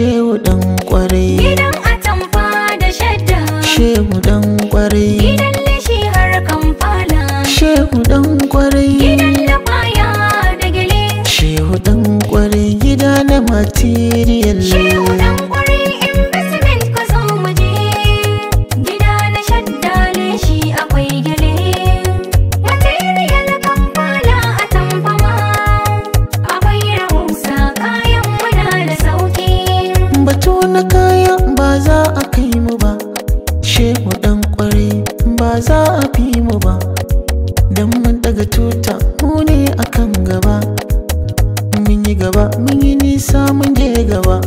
shehu dan kwarai gidan atamfa da shadda shehu dan kwarai gidan lishi har kamfala shehu dan kwarai gidan lafaya da gele shehu dan kwarai gida na mati ba za a kai mu ba shehu ɗan ƙwarai ba za a fi mu ba don mun daga tuta mu ne akan gaba mun yi gaba mun yi nisa mun je gaba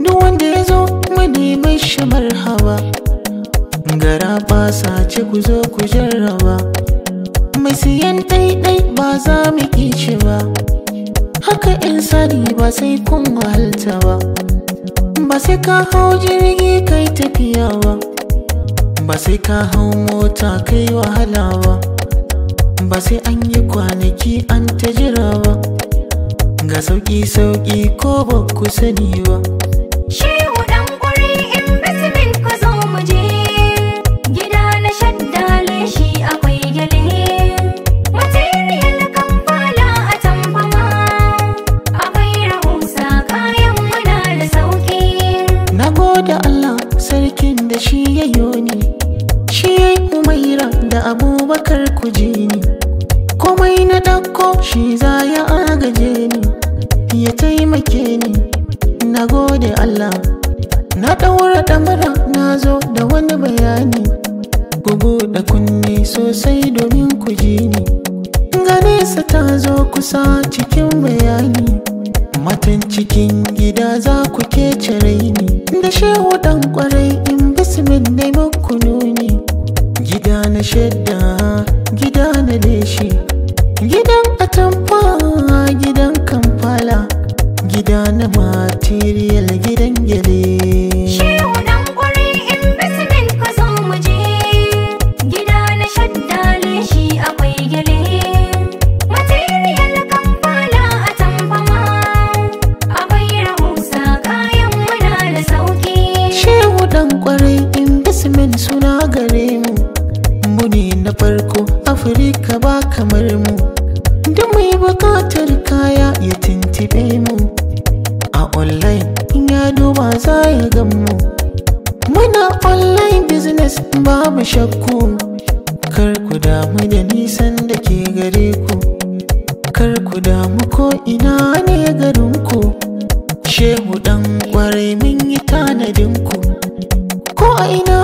duk wanda ya zo mu nemi shi marhaba gara ba sa ce ku zo ku jarraba mai siyan ɗaiɗai ba za mu ƙi ci ba haka in sani ba sai kun wahalta ba ba sai ka hau jirgi kai tafiya ba ba sai ka hau mota kai wahala ba ba sai an yi kwanaki an ta jira ba ga sauƙi-sauƙi ko ba ku sani ba da abubakar ku ji ni komai na ɗauko shi za ya agaje ni ya taimake ni na gode Allah na ɗaura ɗamara na zo da wani bayani ku da kunne sosai domin ku ji ni Ganesa ta zo kusa cikin bayani matan cikin gida za ku ke kece ni. da shehu ɗan ƙwarai afirka ba kamar mu duk mai bukatar kaya ya tuntube mu a online in ya duba za ya gan mu muna online business babu shakku kar ku damu da nisan da ke gare ku kar ku damu ko ina ne garinku shehu dan kwarai mun yi tanadinku ko a ina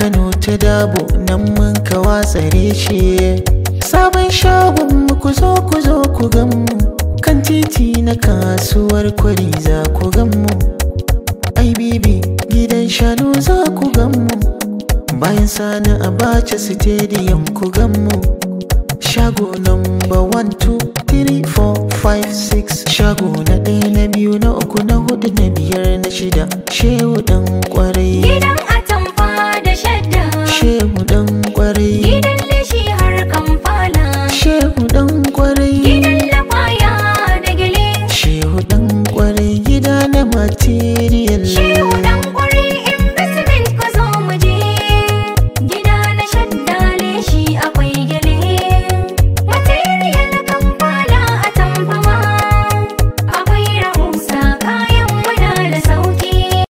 kano ta dabo nan mun kawa tsare shi sabon shagon mu ku zo ku zo ku mu kan titi na kasuwar kwari za ku mu ai bibi gidan shanu za ku mu bayan sani abacha stadium ku mu shago number one two